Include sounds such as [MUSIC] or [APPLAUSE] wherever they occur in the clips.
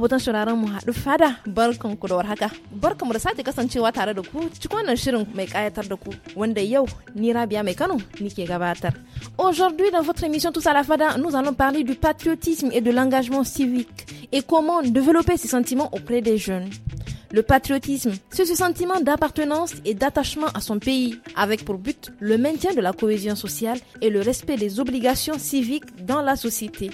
Aujourd'hui dans votre émission Tous à la Fada, nous allons parler du patriotisme et de l'engagement civique et comment développer ces sentiments auprès des jeunes. Le patriotisme, c'est ce sentiment d'appartenance et d'attachement à son pays, avec pour but le maintien de la cohésion sociale et le respect des obligations civiques dans la société.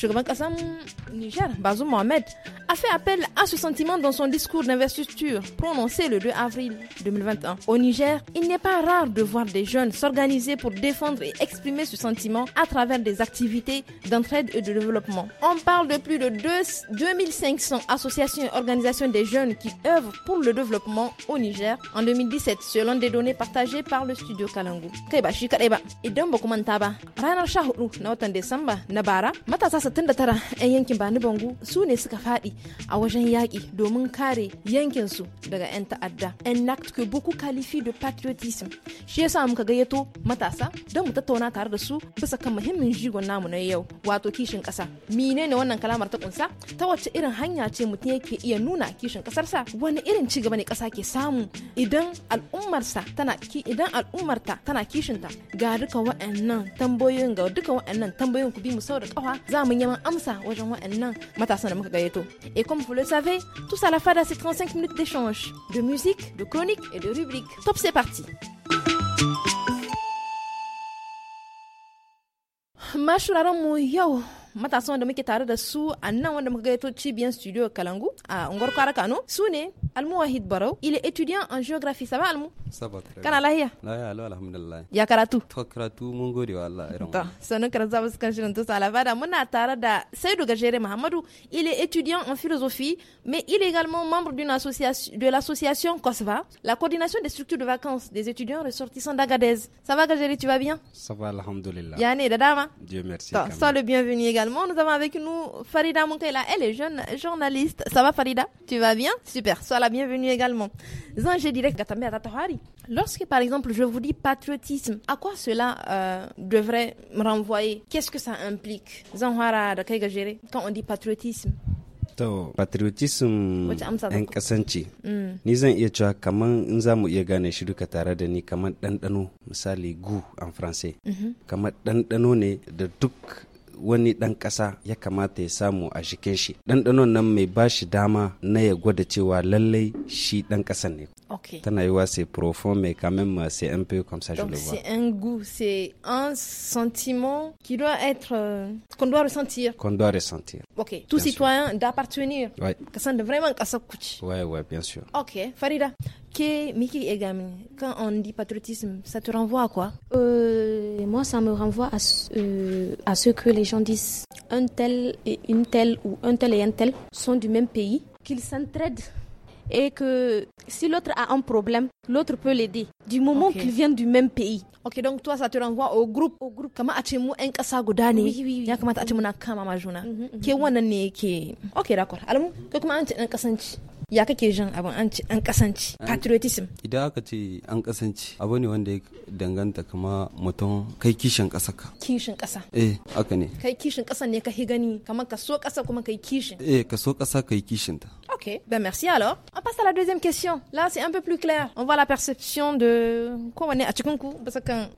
Hmm, Niger, Bazoum Mohamed, a fait appel à ce sentiment dans son discours d'investiture prononcé le 2 avril 2021. Au Niger, il n'est pas rare de voir des jeunes s'organiser pour défendre et exprimer ce sentiment à travers des activités d'entraide et de développement. On parle de plus de 2, 2500 associations et organisations des jeunes qui œuvrent pour le développement au Niger en 2017 selon des données partagées par le studio Kalangu. Kaiba, Shikadeba, Idan Ranar 69 'yan yankin Bani Bangu su ne suka fadi a wajen yaƙi domin kare yankinsu daga 'yan ta'adda. enact acte que beaucoup da patriotism. Shi yasa muka gayyato matasa don mu tattauna tare da su bisa kan muhimmin jigon namu na yau wato kishin ƙasa. Mine ne wannan kalamar ta kunsa? Ta wacce irin hanya ce mutum yake iya nuna kishin ƙasarsa? Wani irin ci gaba ne kasa ke samu idan al'ummarsa tana idan al'ummarta tana kishinta? Ga duka wa'annan tambayoyin ga duka wa'annan tambayoyin ku bi mu sau da ƙafa za mu et comme vous le savez tout ça la fin de ces 35 minutes d'échange de musique de chronique et de rubrique top c'est parti matasan da muke tare da su a nan wanda muka gaito cibiyar studio kalangu a unguwar kwara kano su ne almu wahid barau il est étudiant en géographie ça va almu ça va très kana lahiya lahiya alo alhamdulillah ya karatu to karatu mun gode wa Allah irin to sanin karatu zamu kan shirin to salabada muna tare da saidu Gajere Mahamadou il est étudiant en philosophie mais il est également membre d'une association de l'association COSVA la coordination des structures de vacances des étudiants ressortissants d'Agadez ça va Gajere tu vas bien ça va alhamdulillah Yanné Dadama hein? Dieu merci Toi, sois le bienvenu également également, nous avons avec nous Farida Moukela. Elle est jeune journaliste. Ça va, Farida Tu vas bien Super. Sois la bienvenue également. Zangé direct Lorsque, par exemple, je vous dis patriotisme, à quoi cela euh, devrait me renvoyer Qu'est-ce que ça implique Quand on dit patriotisme To, patriotisme ‘yan mm. ni zan iya cewa kaman in za mu iya gane shi duka tare da ni kaman ɗanɗano, misali gu en français, mhm. kaman ɗanɗano ne da duk wani ɗan ƙasa ya kamata ya samu a jikin shi ɗanɗanon nan mai ba shi dama na ya gwada cewa lallai shi ɗan ƙasa ne Tanaïwa, c'est profond, mais quand même, euh, c'est un peu comme ça, je le vois. C'est un goût, c'est un sentiment qui doit être. Euh, qu'on doit ressentir. Qu'on doit ressentir. Ok. Tout citoyen d'appartenir. Ouais. Que vraiment coûte Oui, oui, bien sûr. Ok. Farida, quand on dit patriotisme, ça te renvoie à quoi euh, Moi, ça me renvoie à, à ce que les gens disent. Un tel et une telle, ou un tel et un tel sont du même pays, qu'ils s'entraident et que si l'autre a un problème, l'autre peut l'aider. Du moment qu'il vient du même pays. Ok, donc toi, ça te renvoie au groupe. Au groupe. Comment atimu un kasa godane? Oui, oui, oui. Ya tu un na kama majuna. Mhm, mhm. Ke wana ne Ok, d'accord. Alors, comment un kasanchi? ya kake jin abin an kasance patriotism idan aka ce an kasance abu ne wanda ya danganta kama mutum kai kishin ƙasa ka kishin ƙasa eh haka ne kai kishin ƙasa ne ka hi gani kamar ka so ƙasa kuma kai kishin eh ka so ƙasa kai kishin ta ok ben merci alors on passe à la deuxième question là c'est un peu plus clair on voit la perception de quoi on est à parce qu'un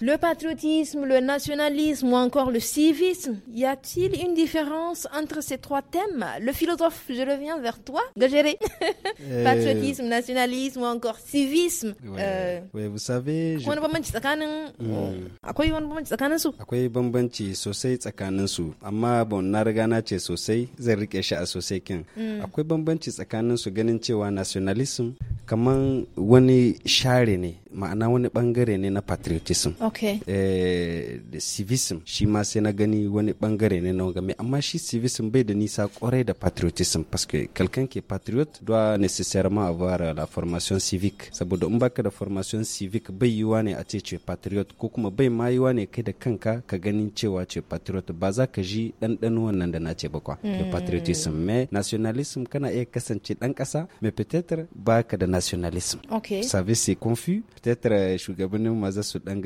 le patriotisme le nationalisme ou encore le civisme y a-t-il une différence entre ces trois thèmes le philosophe je reviens vers toi Géré. Eh. Patriotisme, nationalisme, ou encore civisme. Ouais. Euh, ouais, vous savez. Je... Wani bambanci tsakanin. Mm. Akwai wani bambanci tsakanin su? Akwai bambanci sosai tsakanin su, amma bon na riga na ce sosai zan rike shi a sosai kin. Akwai bambanci tsakanin su ganin cewa nationalism kaman wani share ne ma'ana wani bangare ne na patriotism okay. Eh, da civism shi ma sai na gani wani bangare ne na game amma shi civism bai da nisa kwarai da patriotism paske kalkan que patriote doit nécessairement avoir euh, la formation civique ça saboda in que da formation civique bai yiwa a ce ce patriote ko kuma bai ma yiwa kai da kanka ka ganin cewa ce patriote ba za ka ji ɗanɗano wannan da na ba kwa hmm. patriotism mais nationalism kana iya e kasance mais peut-être ba ka da nationalism okay. savez c'est confus peut-être je suis za su ɗan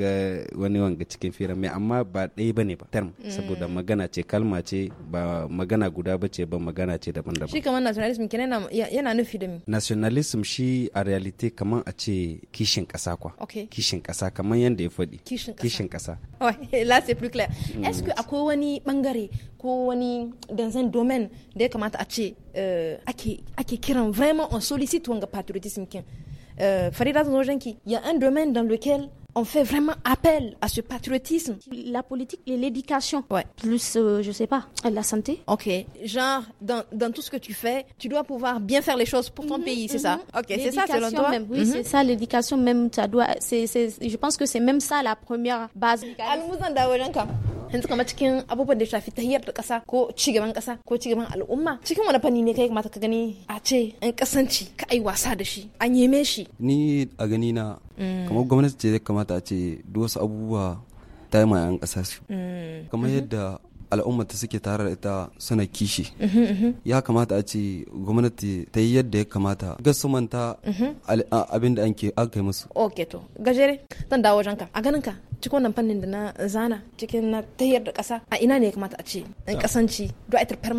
wani wanga cikin fira mai amma ba ɗaya ba ne ba term hmm. saboda magana ce kalma ce ba magana guda ba ce ba magana ce daban-daban shi kamar nationalism Nationalisme, yana nufi da mi nationalism shi a reality kaman a ce kishin kasa kwa okay. kishin kasa kaman yanda ya faɗi kishin kasa oh, la [LAUGHS] c'est plus clair mm. est-ce que akwai wani bangare ko wani dans un domaine da ya kamata a ce euh, ake ake kiran vraiment on sollicite wanga patriotisme kin euh, farida zan zo janki il y a un domaine dans lequel on fait vraiment appel à ce patriotisme. La politique et l'éducation. Ouais. Plus, euh, je sais pas, la santé. Ok. Genre, dans, dans, tout ce que tu fais, tu dois pouvoir bien faire les choses pour ton mhm, pays, c'est ça mhm. Ok, c'est ça selon toi même, Oui, mhm. c'est ça, l'éducation même, ça doit, c je pense que c'est même ça la première base. yanzu kamar cikin abubuwan da shafi tahiyar da kasa ko cigaban kasa ko cigaban al'umma cikin wani fanni ne kai mata ka gani a ce in kasanci ka ai wasa da shi an yeme ni a gani na Mm. kamar gwamnati ce zai kamata a ce duk wasu abubuwa ta yi mayan kasa su mm. kamar mm-hmm. yadda al'ummar ta suke tare da ita suna kishi mm-hmm, mm-hmm. ya kamata a ce gwamnati ta yi yadda ya kamata manta abin da ke aka yi musu ok to gajere zan dawo janka a ganinka ka cikin wannan fannin da na zana cikin na tayar da kasa a ina ne ya kamata a ce in kasanci do a tarfar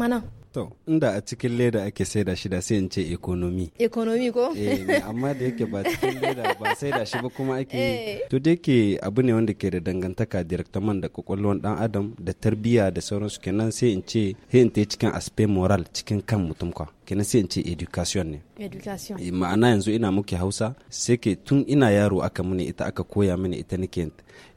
To, inda a cikin leda ake saida shi da sai in ce ekonomi. Ekonomi ko? Eh, amma da yake ba cikin leda ba sai da shi ba kuma ake yi. Eh. To da yake abu ne wanda ke da dangantaka man da kwakwalwan dan adam da tarbiyya da sauransu kenan sai in ce sai in ta cikin aspe moral cikin kan mutum kwa. kenan sai in education ne education ma'ana yanzu ina muke hausa sai ke tun ina yaro aka muni ita aka koya mini ita nake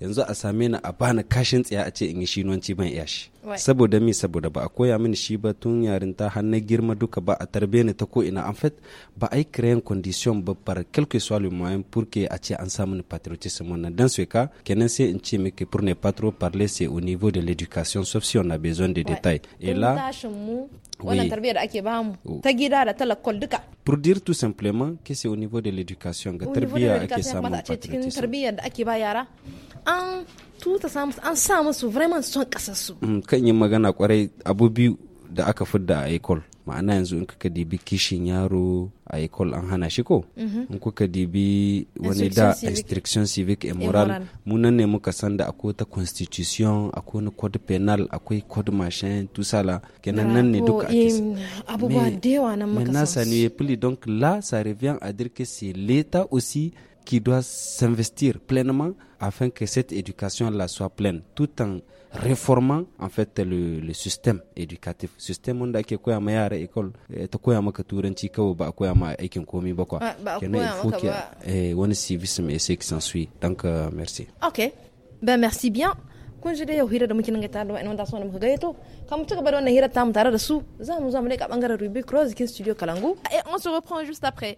yanzu a same ni a bani kashin tsaya a ce in yi shinuwanci ban iya shi saboda mi saboda ba a koya mini shi ba tun yarinta har na girma duka ba a tarbe ni ta ko ina en fait ba ai créer condition ba par quelque soit le moyen pour que a ce an samu ni patriotisme mon dans ce cas kenan sai in ce ke pour ne pas trop parler c'est au niveau de l'éducation sauf si on a besoin de détails et là ake Oui. Oh. Pour dire tout simplement que c'est au niveau de l'éducation ga tarbiya ake samun an tuta samu an sa musu vraiment son kasarsu mm, kan yin magana kwarai abu biyu da aka fidda a école ma'ana yanzu in kuka dibi kishin yaro a ecole an hana shi ko mhm. in kuka dibi wani da instruction civic et moral munan ne muka san da akwai ta constitution akwai na code penal akwai code machin tout kenan nan ne duka ake abubuwa da yawa nan muka san plus donc là ça revient à dire que c'est l'état aussi qui doit s'investir pleinement afin que cette éducation là soit pleine tout en réformant en fait le, le système éducatif système wanda ake koya ma yara école eh, ta koya maka turanci ko ba ko koya ma aikin komi ba kwa kenan il faut que wani service et c'est qui suit donc euh, merci ok ben merci bien kun je da yau hira da muke nan ga tare da wa'annan da sunan muka gayyato kamar ci gaba da wannan hirar tamu tare da su za mu zo mu leƙa bangaren Ruby Cross Kin Studio Kalangu et on se reprend juste après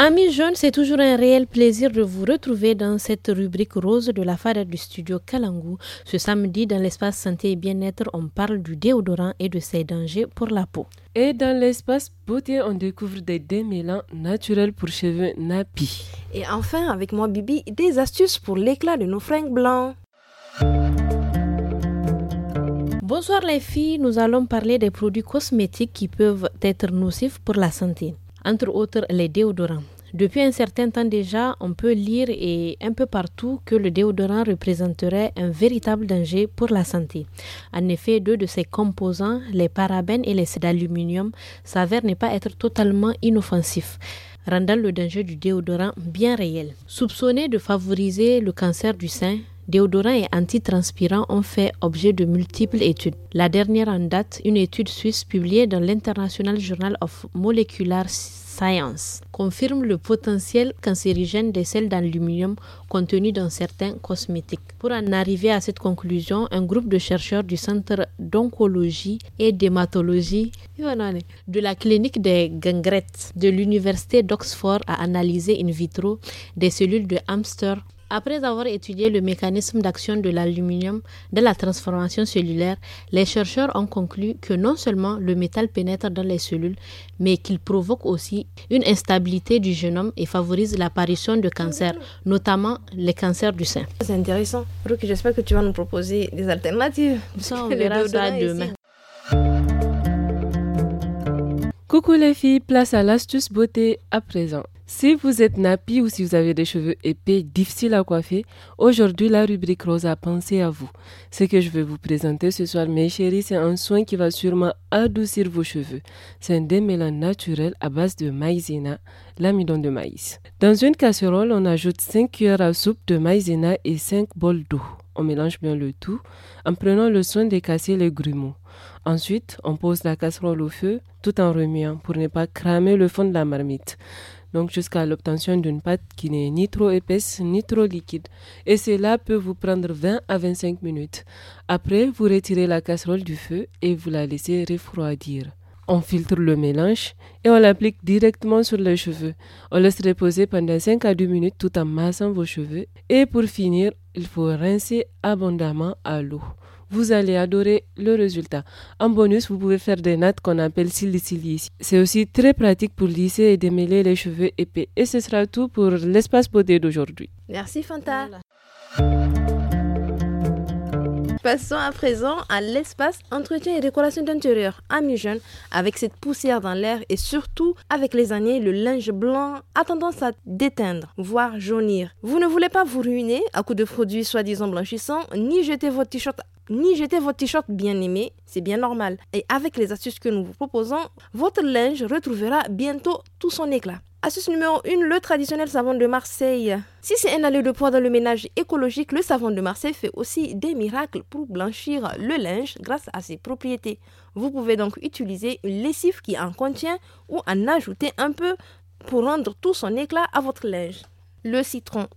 Amis jeunes, c'est toujours un réel plaisir de vous retrouver dans cette rubrique rose de la fada du studio Kalangu. Ce samedi, dans l'espace santé et bien-être, on parle du déodorant et de ses dangers pour la peau. Et dans l'espace beauté, on découvre des démêlants naturels pour cheveux nappis. Et enfin, avec moi Bibi, des astuces pour l'éclat de nos fringues blancs. Bonsoir les filles, nous allons parler des produits cosmétiques qui peuvent être nocifs pour la santé entre autres les déodorants. Depuis un certain temps déjà, on peut lire et un peu partout que le déodorant représenterait un véritable danger pour la santé. En effet, deux de ses composants, les parabènes et les d'aluminium, s'avèrent ne pas être totalement inoffensifs rendant le danger du déodorant bien réel. Soupçonné de favoriser le cancer du sein, Déodorants et antitranspirants ont fait objet de multiples études. La dernière en date, une étude suisse publiée dans l'International Journal of Molecular Science, confirme le potentiel cancérigène des sels d'aluminium contenus dans certains cosmétiques. Pour en arriver à cette conclusion, un groupe de chercheurs du Centre d'oncologie et d'hématologie de la clinique des gangrettes de l'Université d'Oxford a analysé in vitro des cellules de hamster après avoir étudié le mécanisme d'action de l'aluminium dans la transformation cellulaire, les chercheurs ont conclu que non seulement le métal pénètre dans les cellules, mais qu'il provoque aussi une instabilité du génome et favorise l'apparition de cancers, notamment les cancers du sein. C'est intéressant. j'espère que tu vas nous proposer des alternatives. Ça, on verra ça demain. Coucou les filles, place à l'astuce beauté à présent. Si vous êtes nappy ou si vous avez des cheveux épais, difficiles à coiffer, aujourd'hui la rubrique rose a pensé à vous. Ce que je vais vous présenter ce soir, mes chéris, c'est un soin qui va sûrement adoucir vos cheveux. C'est un démêlant naturel à base de maïzena, l'amidon de maïs. Dans une casserole, on ajoute 5 cuillères à soupe de maïzena et 5 bols d'eau. On mélange bien le tout en prenant le soin de casser les grumeaux. Ensuite, on pose la casserole au feu tout en remuant pour ne pas cramer le fond de la marmite donc jusqu'à l'obtention d'une pâte qui n'est ni trop épaisse ni trop liquide. Et cela peut vous prendre 20 à 25 minutes. Après, vous retirez la casserole du feu et vous la laissez refroidir. On filtre le mélange et on l'applique directement sur les cheveux. On laisse reposer pendant 5 à 2 minutes tout en massant vos cheveux. Et pour finir, il faut rincer abondamment à l'eau vous allez adorer le résultat. En bonus, vous pouvez faire des nattes qu'on appelle silice C'est aussi très pratique pour lisser et démêler les cheveux épais. Et ce sera tout pour l'espace beauté d'aujourd'hui. Merci Fanta. Passons à présent à l'espace entretien et décoration d'intérieur Amis jeunes, avec cette poussière dans l'air et surtout avec les années, le linge blanc a tendance à déteindre, voire jaunir. Vous ne voulez pas vous ruiner à coup de produits soi-disant blanchissants, ni jeter votre t-shirt ni jeter votre t-shirt bien aimé, c'est bien normal. Et avec les astuces que nous vous proposons, votre linge retrouvera bientôt tout son éclat. Astuce numéro 1, le traditionnel savon de Marseille. Si c'est un aller de poids dans le ménage écologique, le savon de Marseille fait aussi des miracles pour blanchir le linge grâce à ses propriétés. Vous pouvez donc utiliser une lessive qui en contient ou en ajouter un peu pour rendre tout son éclat à votre linge. Le citron.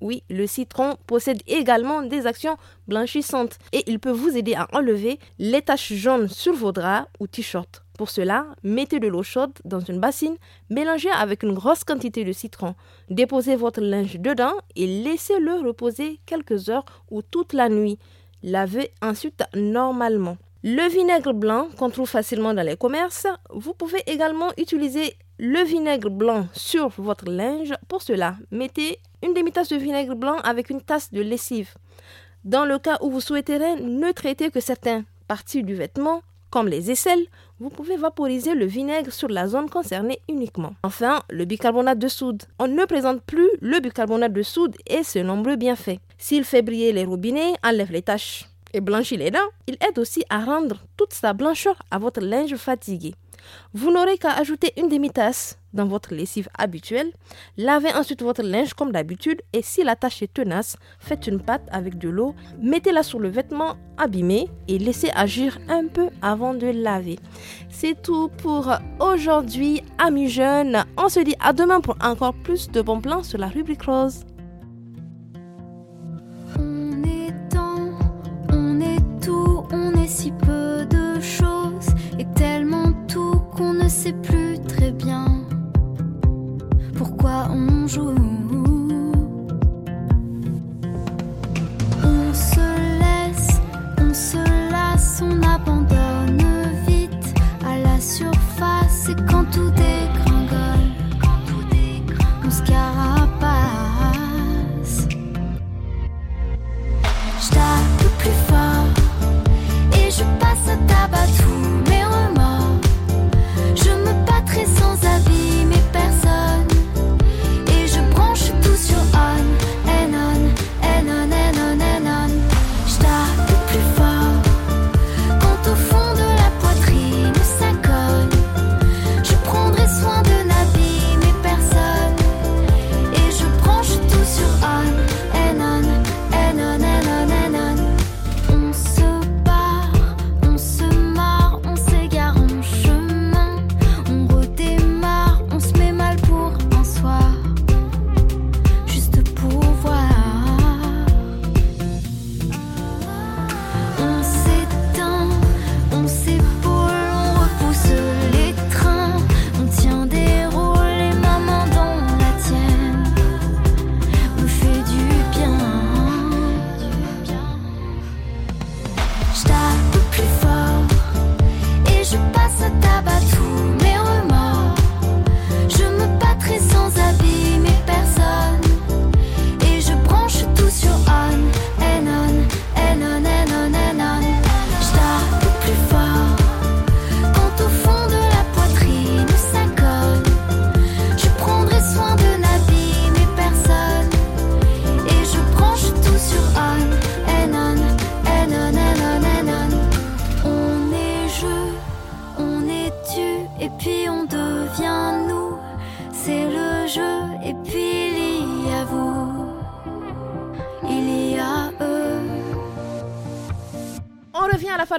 Oui, le citron possède également des actions blanchissantes et il peut vous aider à enlever les taches jaunes sur vos draps ou t-shirts. Pour cela, mettez de l'eau chaude dans une bassine, mélangez avec une grosse quantité de citron. Déposez votre linge dedans et laissez-le reposer quelques heures ou toute la nuit. Lavez ensuite normalement. Le vinaigre blanc qu'on trouve facilement dans les commerces, vous pouvez également utiliser le vinaigre blanc sur votre linge. Pour cela, mettez une demi-tasse de vinaigre blanc avec une tasse de lessive. Dans le cas où vous souhaiterez ne traiter que certaines parties du vêtement, comme les aisselles, vous pouvez vaporiser le vinaigre sur la zone concernée uniquement. Enfin, le bicarbonate de soude. On ne présente plus le bicarbonate de soude et ses nombreux bienfaits. S'il fait briller les robinets, enlève les taches et blanchit les dents, il aide aussi à rendre toute sa blancheur à votre linge fatigué. Vous n'aurez qu'à ajouter une demi-tasse dans votre lessive habituelle. Lavez ensuite votre linge comme d'habitude et si la tâche est tenace, faites une pâte avec de l'eau, mettez-la sur le vêtement abîmé et laissez agir un peu avant de laver. C'est tout pour aujourd'hui, amis jeunes. On se dit à demain pour encore plus de bons plans sur la rubrique rose. plus très bien pourquoi on joue.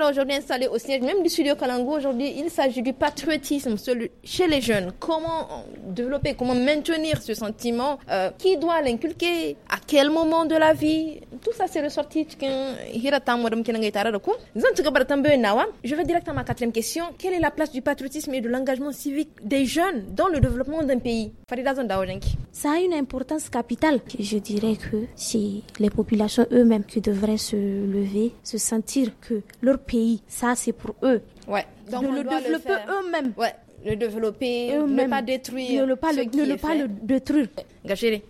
aujourd'hui installé au siège même du studio Kalango. Aujourd'hui, il s'agit du patriotisme chez les jeunes. Comment euh, développer, comment maintenir ce sentiment euh, Qui doit l'inculquer À quel moment de la vie Tout ça, c'est ressorti. Je vais direct à ma quatrième question. Quelle est la place du patriotisme et de l'engagement civique des jeunes dans le développement d'un pays Ça a une importance capitale. Je dirais que c'est les populations eux-mêmes qui devraient se lever, se sentir que leur pays. Ça, c'est pour eux. Ouais. Donc de on le doit développer eux-mêmes. Ouais. Le développer, ne pas détruire. Ne le pas, le, ne le, pas le détruire. Gachere.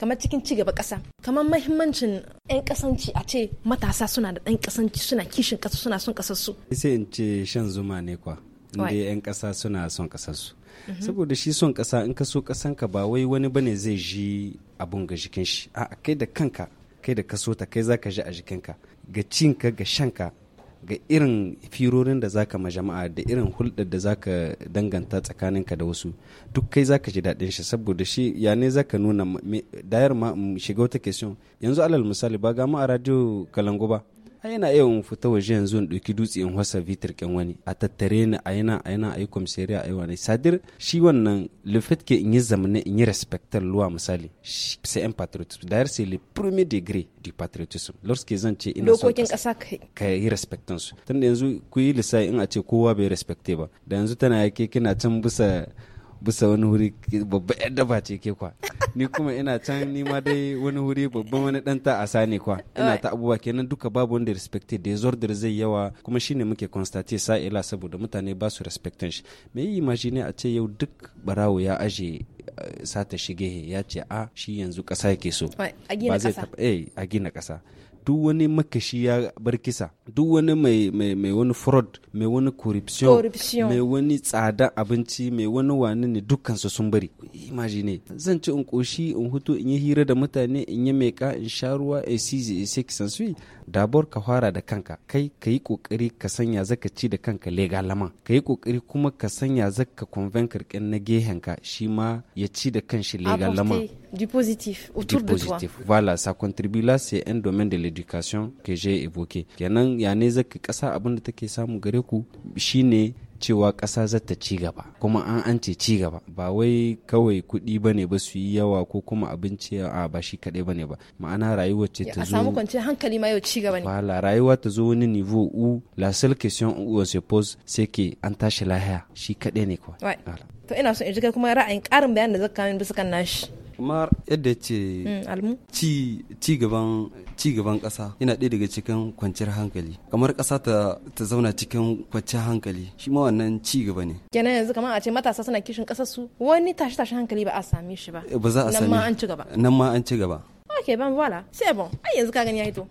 kamar cikin ci gaba ƙasa kamar mahimmancin 'yan kasanci a ce matasa suna da 'yan kasanci suna kishin ƙasa suna son ƙasarsu su in ce shan zuma ne kwa inda 'yan ƙasa suna son ƙasarsu mhm. saboda shi son ƙasa in ka so ƙasanka ba wai wani bane zai ji abun ga jikin shi a kai da kanka kai da kaso ta kai zaka ji a jikinka ga cinka ga shanka ga irin firorin da zaka ma jama'a da irin hulɗar da zaka danganta tsakaninka da wasu duk kai zaka ji daɗin shi saboda shi ya ne zaka nuna dayar ma shiga wata kesiyon yanzu alal misali ba ga mu a radio kalango ba a yana yawan fita waje yanzu in ɗauki dutse in wasa vitir kin wani a tattare ni a yana a yana a yi komisariya a yi wani sadir shi wannan lefet ke in yi zamane in yi respectar luwa misali sai yan patriotism da yarsa le premier degré du patriotism lorske zan ce ina dokokin ƙasa ka yi respectan su tunda yanzu ku yi lissafi in a ce kowa bai respecte ba da yanzu tana yake kina can bisa bisa wani wuri babba yan daba ce ke kwa ni kuma ina can ni ma dai wani wuri babban wani dan ta asa ne kwa ina ta abubuwa kenan duka babu wanda respecte da zai yawa kuma shine muke constate ila saboda mutane ba su respectin shi me yi imagine a ce yau duk barawo ya aje eh, sata shige ya ce a ah, shi yanzu kasa yake so ba zai taba eh a gina kasa duk wani makashi ya bar kisa duk wani mai, mai, wani fraud mai wani corruption mai wani tsada abinci mai wani wani ne dukkansu sun bari imagine zan ci in koshi in hutu in yi hira da mutane in yi meka in sha ruwa a sizi a kisan su dabor ka fara da kanka kai ka yi kokari ka sanya zaka ci da kanka legalaman ka yi kokari kuma ka sanya zaka convencer na gehenka shi ma ya ci da kanshi legalama. du positif autour du de positif. toi. Voilà, ça contribue là, c'est un domaine de l'éducation que j'ai évoqué. Kenan ya ne kasa abin da take samu gare ku shine cewa ƙasa za ta ci gaba kuma an an ce ci gaba ba wai kawai kuɗi ba ne ba su yi yawa ko kuma abinci a ba shi kaɗai ba ne ba ma'ana rayuwa ce ta zo a samu kwanciyar hankali ma yau ci gaba ne wala rayuwa ta zo wani niveau u la seule question où on se pose c'est que an tashi lahiya shi kaɗai ne kuwa to ina son in ji kuma ra'ayin ƙarin bayanin da zaka kawo bisa nashi kamar yadda ce mm, ci gaban ƙasa yana ɗaya daga cikin kwanciyar hankali kamar ƙasa ta zauna cikin kwanciyar hankali shi ma wannan ci gaba ne kenan yanzu kamar a ce matasa suna kishin kasa su wani tashi tashi hankali ba a same shi ba ba za a same nan ma an ci gaba nan ma an ci gaba ok ban voilà c'est bon ai yanzu ka gani ya hito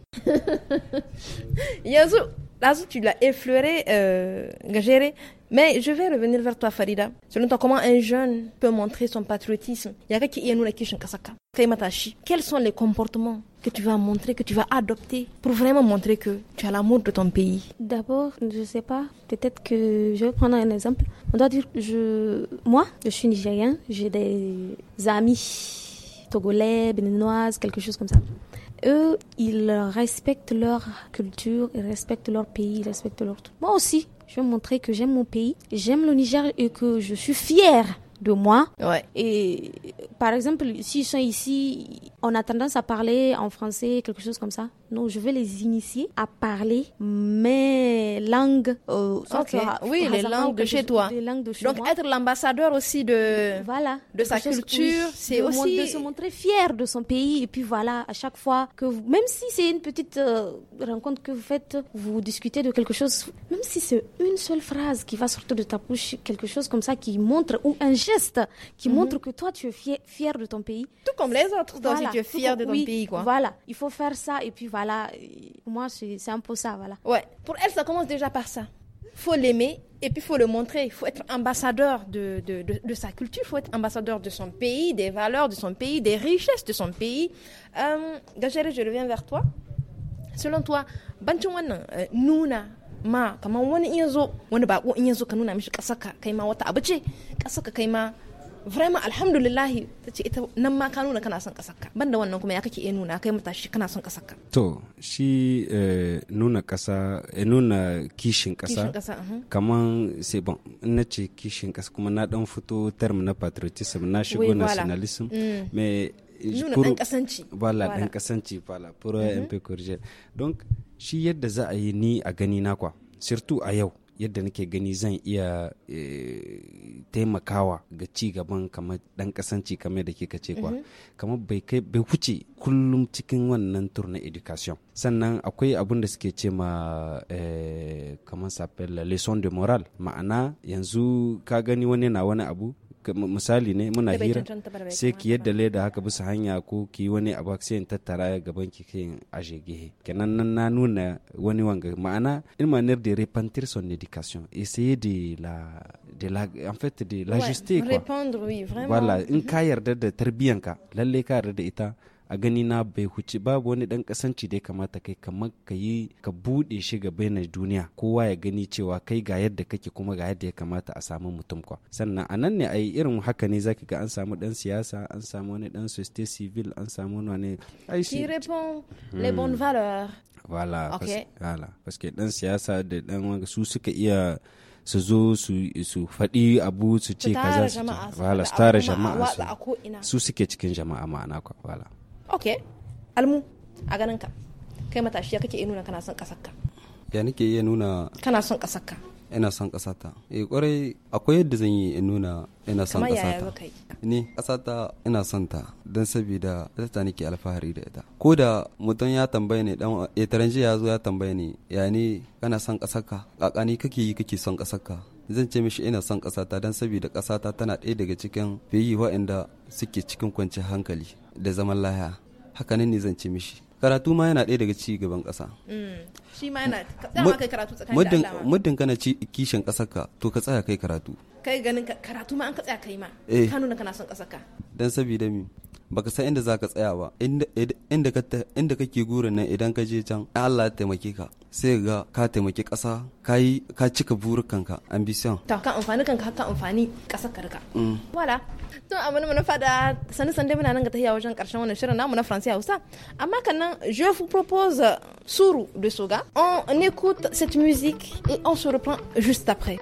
[LAUGHS] yanzu Là, tu l'as effleuré, euh, géré. Mais je vais revenir vers toi, Farida. Selon toi, comment un jeune peut montrer son patriotisme qui Quels sont les comportements que tu vas montrer, que tu vas adopter pour vraiment montrer que tu as l'amour de ton pays D'abord, je ne sais pas, peut-être que je vais prendre un exemple. On doit dire, je, moi, je suis nigérien, j'ai des amis togolais, béninoises, quelque chose comme ça eux, ils respectent leur culture, ils respectent leur pays, ils respectent leur tout. Moi aussi, je vais montrer que j'aime mon pays, j'aime le Niger et que je suis fière de moi. Et par exemple, s'ils sont ici, on a tendance à parler en français, quelque chose comme ça. Non, je vais les initier à parler mes langues. Euh, oui, les langues de chez toi. Donc être l'ambassadeur aussi de, voilà, de sa culture, c'est aussi... De se montrer fier de son pays. Et puis voilà, à chaque fois que vous... Même si c'est une petite euh, rencontre que vous faites, vous discutez de quelque chose, même si c'est une seule phrase qui va sortir de ta bouche, quelque chose comme ça qui montre ou un geste qui mhm. montre que toi, tu es fier, de ton pays. Tout comme les autres, tu es fier de ton pays. Quoi. Voilà, il faut faire ça. Et puis voilà, moi, c'est un peu ça. Voilà. Ouais. Pour elle, ça commence déjà par ça. faut l'aimer et puis, faut le montrer. Il faut être ambassadeur de, de, de, sa culture. Il faut être ambassadeur de son pays, des valeurs de son pays, des richesses de son pays. Euh, Gajere, je reviens vers toi. Selon toi, Banchouana, euh, Nuna, ma kamar wani in zo wani bako in zo ka nuna mishi kasaka kai ma wata abu ce kasaka kai ma vraiment alhamdulillahi ta ce ita nan ma ka nuna kana son kasarka banda wannan kuma ya kake iya nuna kai matashi kana son kasarka to shi eh, nuna kasa eh, nuna kishin kasa uh-huh. kaman sai ban na ce kishin kasa kuma na dan fito term na patriotism na shigo nationalism mai mm. eh, nuna dan kasanci bala dan kasanci bala pour mm-hmm. un peu donc shi yadda za a yi ni a gani na kwa sirtu a yau yadda nake gani zan iya eh, taimakawa ga ci gaban kamar dan kasanci kamar da kika ce kwa mhm. kamar bai kai bai wuce kullum cikin wannan tur na education sannan akwai abin da suke ce ma kamar eh, sapella leçon de moral ma'ana yanzu ka gani wani na wani abu misali ne muna hira sai ki yadda leda haka bisa hanya ko ki wani abu sai in tattara gaban ki kai aje gehe kenan nan na nuna wani wanga ma'ana in manner de repentir son éducation essayer de la de la en fait de la ouais, quoi répondre oui vraiment voilà in mhm. ka yarda da tarbiyanka lalle ka yarda da ita a gani na bai huci babu wani dan kasanci da ya kamata kai kamar ka yi ka bude shi ga bainar duniya kowa ya gani cewa kai ga yadda kake kuma ga yadda ya kamata a samu mutum kwa sannan a nan ne a yi irin haka ne zaki ga an samu dan siyasa an samu wani dan société civil an samu wani wani ai shi répond hmm. les bonnes valeurs voilà voilà parce que dan siyasa da dan su suka iya su zo su faɗi abu su ce kaza su su tara jama'a su suke cikin jama'a ma'ana kwa wala. ok almu a ganin ka kai matashi ya kake iya nuna kana son ka. ya nake iya nuna kana son ka. ina son kasata eh kwarai akwai yadda zan yi in nuna ina son kasata ni kasata ina son ta don saboda ita ta nake alfahari da ita ko da mutum ya tambaye ni dan etaranje eh, ya zo ya tambaye ni ya ni kana son ka. kakani kake yi kake son ka zan ce mishi ina son kasata don saboda kasata tana ɗaya daga cikin fiyi waɗanda suke cikin kwanciyar hankali da zaman laya nan ne zan ce mishi karatu ma yana ɗaya daga ci gaban ƙasa mm. shi ma yana kai karatu tsakanin da muddin kana ci kishin ƙasarka to ka tsaya kai karatu kai ganin karatu ma an ka tsaya kai ma eh. kanuna kana son ƙasarka dan sabida mi baka san inda zaka tsaya ba inda ka inda kake gurin nan idan ka je can Allah ya taimake ka sai ga ka taimaki ƙasa ka yi ka cika burukanka ambition ta ka amfani kanka ka amfani ƙasar ka rika wala mm. to a mun manufa da sanin san dai muna nan ga tahiya wajen karshen wannan shirin namu na Faransa Hausa amma kannan je vous propose suru de Soga on écoute cette musique et on se reprend juste après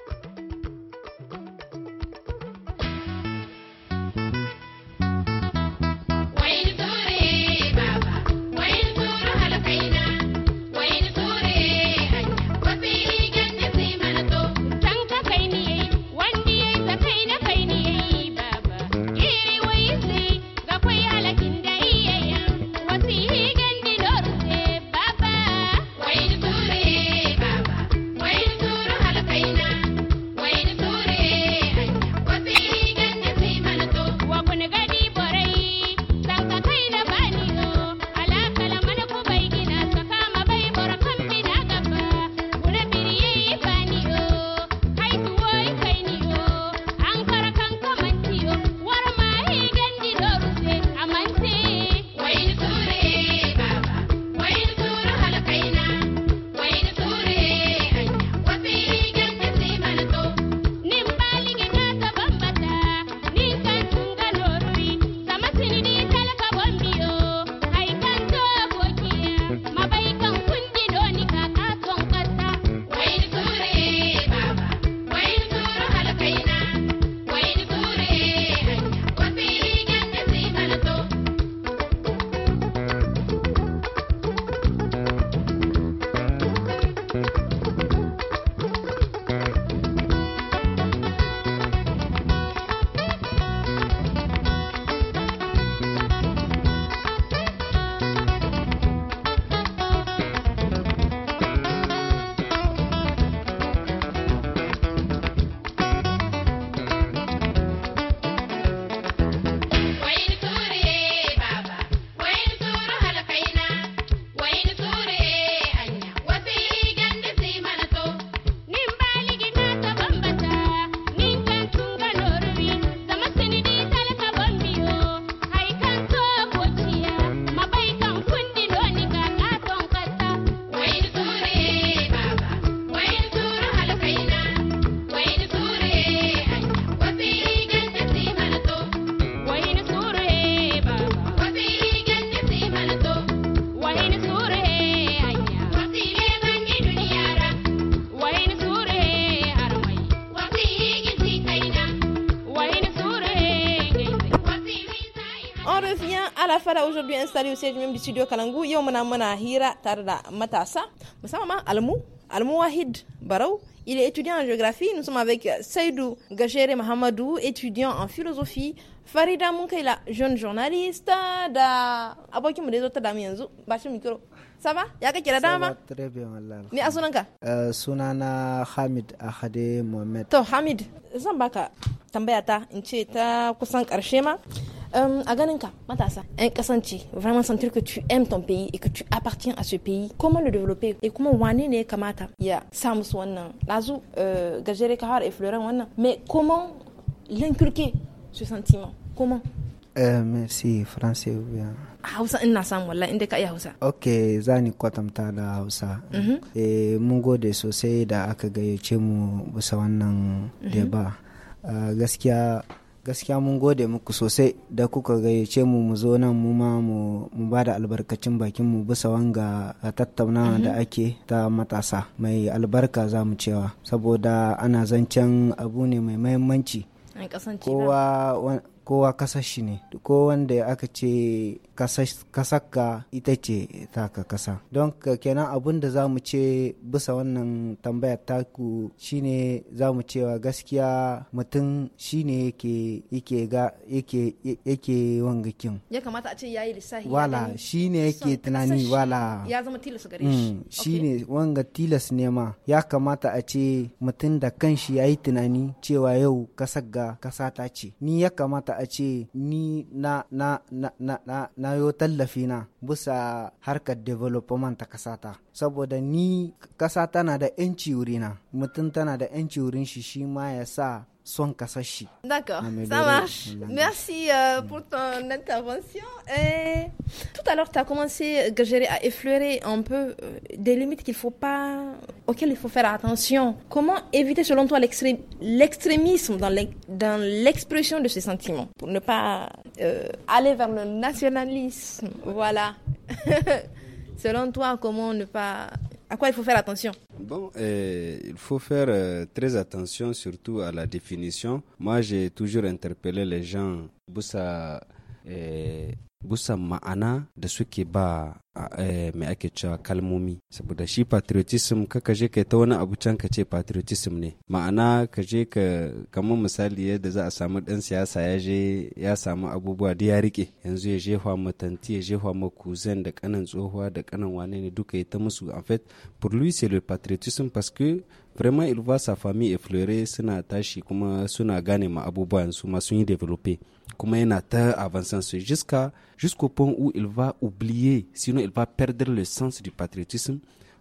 aujourd'hui installé au siège même du studio Kalangu. Yo mana mana hira tare da matasa, musamman Almu, Almu Wahid Barau. Il est étudiant en géographie. Nous sommes avec Seydou Gachere Mahamadou, étudiant en philosophie. Farida Moukaila, jeune journaliste da abokin des autres da yanzu, ba shi micro. Ça va? Ya kake da dama? Hein? Très bien wallahi. Ni a sunanka? Euh, sunana Hamid Ahade Mohamed. To Hamid, zan baka tambaya ta Arshema. ta kusan euh, à Ganenka, Matassa, un Kassanchi, vraiment sentir que tu aimes ton pays et que tu appartiens à ce pays, comment le développer et comment wane ne kamata ya samus wannan lazu euh, gajere kahar et fleurin wannan mais comment l'inculquer ce sentiment comment euh, merci français ou bien hausa ina samu wallahi inde ka iya hausa Okay, za ni ta da hausa mm -hmm. e, mun gode sosai da aka gayyace mu bisa wannan mm -hmm. deba uh, gaskiya gaskiya mun gode muku sosai da kuka gayyace mu mu zo nan mu ma mu ba da albarkacin bakin mu bisa wanga tattaunawa da mhm. ake ta matasa mai albarka za mu cewa saboda ana zancen abu ne mai mahimmanci kowa kowa kasar shi ne ko wanda aka ce ka ita ce ta ka kasa don kenan abin da za mu ce bisa wannan tambayar taku shine za mu cewa gaskiya mutum shine yake yake wangakin ya kamata a ce yayi lissafi wala shine yake tunani wala ya zama tilas gare shi mm, shine wanga tilas ne ma ya kamata a ce mutum da kanshi yayi tunani cewa yau kasar ga kasa ta ce ni ya kamata a ce ni na na na na na, na yo tallafi na bisa harkar development ta kasata saboda ni kasa tana da yanci na mutum tana da yanci wurin shi shi ma ya sa D'accord, ça marche. Merci euh, pour ton intervention. Et tout à l'heure, tu as commencé à effleurer un peu euh, des limites qu'il faut pas, auxquelles il faut faire attention. Comment éviter, selon toi, l'extrémisme dans l'expression de ces sentiments pour ne pas euh, aller vers le nationalisme Voilà. [LAUGHS] selon toi, comment ne pas. À quoi il faut faire attention Bon, eh, il faut faire eh, très attention surtout à la définition. Moi, j'ai toujours interpellé les gens. Eh, gusan ma'ana da suke ba eh, mai ake cewa kalmomi saboda shi patriotism ka ka je ka ta wani abu can ka ce patriotism ne ma'ana ka je ka kamar misali yadda za a samu dan siyasa ya je ya samu abubuwa da ya rike yanzu ya jefa matanti ya jefa ma kuzen da kanan tsohuwa da kanan wane ne duka ya ta musu en fait pour lui c'est le patriotisme parce que vraiment il voit sa famille effleurer son tashi kuma suna gane ma ma sun yi kuma yana jusqu'à jusqu'au point où il va oublier sinon il va perdre le sens du patriotisme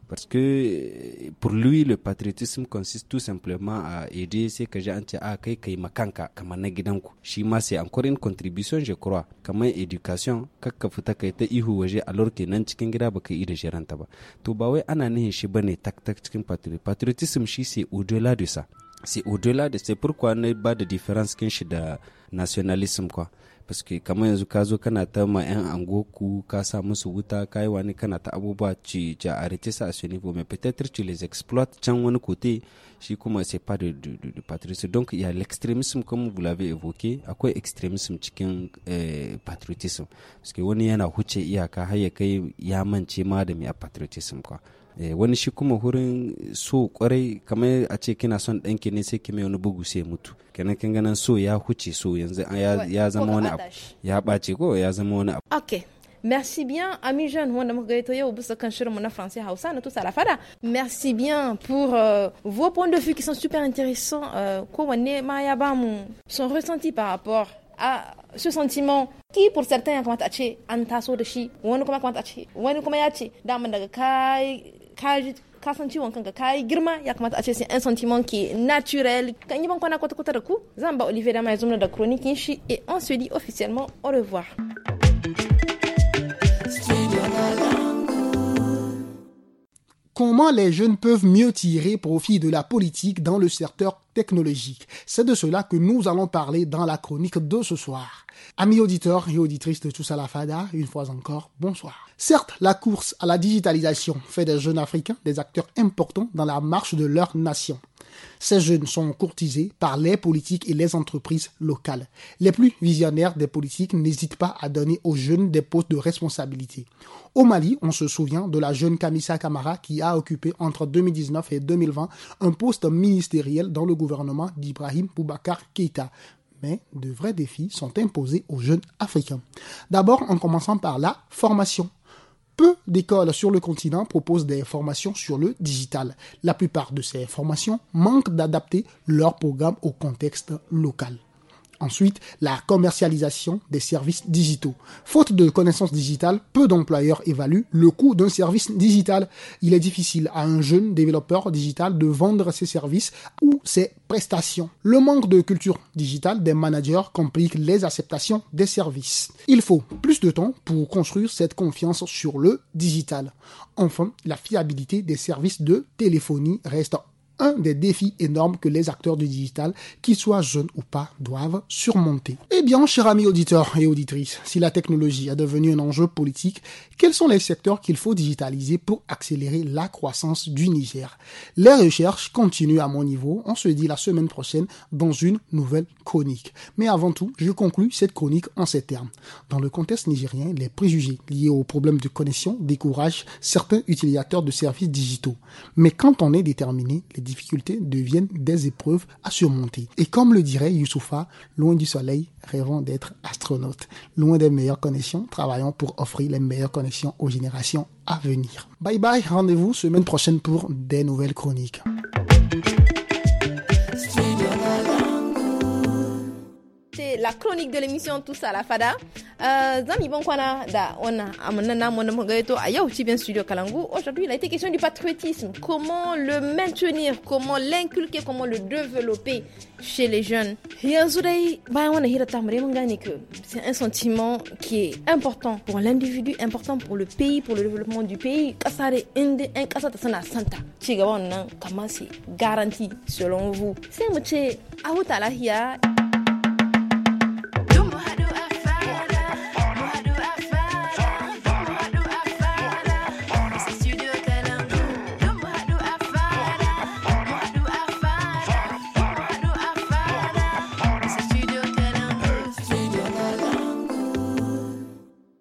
parce que euh, pour lui, le patriotisme consiste tout simplement à aider ce que j'ai anti faire, kai kai makanka kamar na gidanku. Shi ma c'est encore une contribution je crois. comme éducation, quand fita kai ta ihu waje alors que nan cikin gida baka yi da Tu ba. To ba wai ana shi tak tak patriotisme. Patriotisme shi c'est au-delà de ça. C'est au-delà de c'est pourquoi ne pas de différence kin shi da nationalisme quoi. paske kamar yanzu ka zo kana ta ma 'yan angoku ka sa musu wuta ka yi wani kana ta abubuwa ci ja a retesa a su niveau mais peut-être tu les exploites can wani kote shi kuma c'est pas de, de, de, de patriotisme donc il y a l'extrémisme comme vous l'avez évoqué akwai extrémisme cikin eh, patriotism parce wani yana huce iyaka har ya kai ya mance ma da mai patriotism kwa eh, wani shi kuma hurin so kwarai kamar a ce kina son ɗanki ne sai kime wani bugu sai mutu kenan kin ganin so ya huce so yanzu ya zama wani abu ya ɓace ko ya zama wani abu okay Merci bien, ami kan na na français hausa amis lafada Merci bien pour euh, vos points de vue qui sont super intéressants. Euh, ko ma ya ba mu son ressenti par rapport à ce sentiment ki pour certains ya kamata a ce an taso da shi wani kuma kamata a ce wani kuma ya ce da mun daga kai ka san ciwon kanka ka yi girma ya kamata a ce c'est un sentiment qui naturel kan yi ban kwana kwata-kwata da ku zan ba olivier dama ya zumna da kronikin shi et on se dit officiellement au revoir Comment les jeunes peuvent mieux tirer profit de la politique dans le secteur technologique C'est de cela que nous allons parler dans la chronique de ce soir. Amis auditeurs et auditrices de Tous à Fada, une fois encore, bonsoir. Certes, la course à la digitalisation fait des jeunes Africains des acteurs importants dans la marche de leur nation. Ces jeunes sont courtisés par les politiques et les entreprises locales. Les plus visionnaires des politiques n'hésitent pas à donner aux jeunes des postes de responsabilité. Au Mali, on se souvient de la jeune Kamissa Kamara qui a occupé entre 2019 et 2020 un poste ministériel dans le gouvernement d'Ibrahim Boubacar Keïta mais de vrais défis sont imposés aux jeunes africains. D'abord en commençant par la formation peu d'écoles sur le continent proposent des formations sur le digital. La plupart de ces formations manquent d'adapter leur programme au contexte local. Ensuite, la commercialisation des services digitaux. Faute de connaissances digitales, peu d'employeurs évaluent le coût d'un service digital. Il est difficile à un jeune développeur digital de vendre ses services ou ses prestations. Le manque de culture digitale des managers complique les acceptations des services. Il faut plus de temps pour construire cette confiance sur le digital. Enfin, la fiabilité des services de téléphonie reste un des défis énormes que les acteurs du digital, qu'ils soient jeunes ou pas, doivent surmonter. Eh bien, chers amis auditeurs et auditrices, si la technologie a devenu un enjeu politique, quels sont les secteurs qu'il faut digitaliser pour accélérer la croissance du Niger Les recherches continuent à mon niveau. On se dit la semaine prochaine dans une nouvelle chronique. Mais avant tout, je conclus cette chronique en ces termes. Dans le contexte nigérien, les préjugés liés aux problèmes de connexion découragent certains utilisateurs de services digitaux. Mais quand on est déterminé, les difficultés deviennent des épreuves à surmonter. Et comme le dirait Youssoufa, loin du soleil, rêvant d'être astronaute, Loin des meilleures connexions, travaillons pour offrir les meilleures connexions aux générations à venir. Bye bye, rendez-vous semaine prochaine pour des nouvelles chroniques. C'est la chronique de l'émission Tous à la Fada da studio kalangu aujourd'hui il a été question du patriotisme comment le maintenir comment l'inculquer comment le développer chez les jeunes c'est un sentiment qui est important pour l'individu important pour le pays pour le développement du pays Comment c'est sana santa garanti selon vous C'est un ce